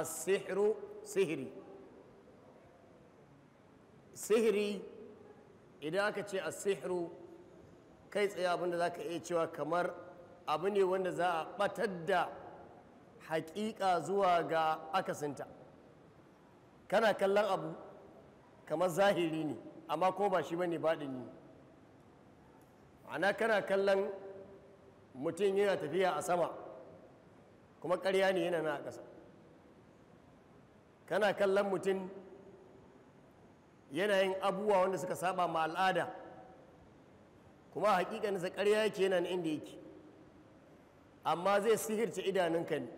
as-sihru sihiri sihiri idan aka ce a sihiru kai tsaye abinda za ka iya cewa kamar abu ne wanda za a batar da haƙiƙa zuwa ga akasinta kana kallon abu kamar zahiri ne amma ko ba shi ba ne baɗini ana kana kallon mutum yana tafiya a sama kuma ƙarya ne yana na a ƙasa kana kallon mutum yanayin abubuwa wanda suka saba ma al'ada kuma hakikanin karya ƙarya yake yana inda yake amma zai sihirce idanunka ne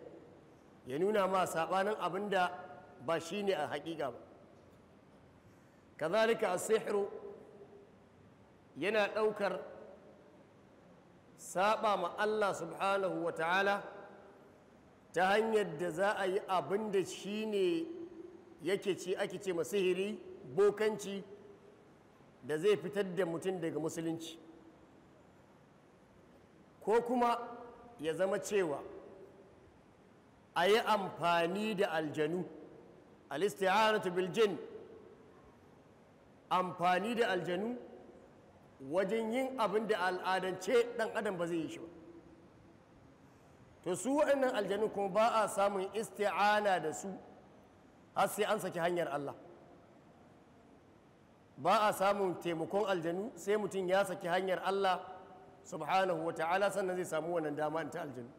ya nuna ma sabanin abinda ba shi ne a hakika ba kazalika sihiru yana ɗaukar saba ma Allah subhanahu wa ta'ala ta hanyar da za a yi abin da shi ne yake ci ake ce ma sihiri bokanci da zai fitar da mutum daga musulunci ko kuma ya zama cewa a yi amfani da aljanu alistiharatu biljin amfani da aljanu wajen yin abin da al'adance dan adam ba zai yi shi ba to su waɗannan aljanu kuma ba a samun isti'ana da su har sai an saki hanyar Allah ba a samun taimakon aljanu sai mutum ya saki hanyar Allah subhanahu wa ta'ala sannan zai samu wannan dama ta aljanu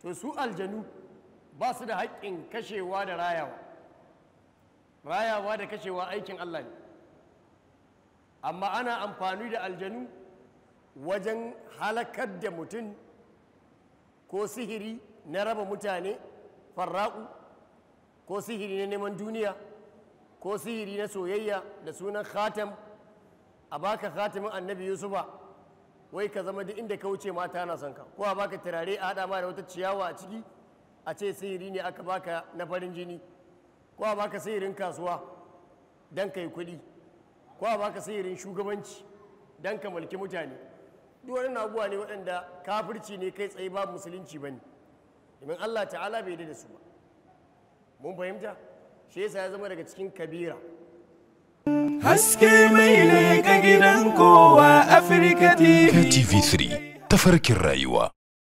to su aljanu ba su da haƙƙin kashewa da rayawa rayawa da kashewa aikin Allah ne amma ana amfani da aljanu wajen halakar da mutum ko sihiri na raba mutane farra'u ko sihiri na neman duniya ko sihiri na soyayya da sunan khatam a baka khatamin annabi yusufa wai ka zama duk inda ka wuce mata na son ka ko a baka turare a haɗa ma da wata ciyawa a ciki a ce sihiri ne aka baka na farin jini ko a baka sihirin kasuwa don ka yi kuɗi ko a baka sihirin shugabanci don ka mulki mutane duk wani abubuwa ne waɗanda kafirci ne kai tsaye babu musulunci ba ne domin Allah ta'ala bai da su ba mun fahimta shi yasa ya zama daga cikin kabira haske mai ne ga gidan kowa Afirka TV TV3 tafarkin rayuwa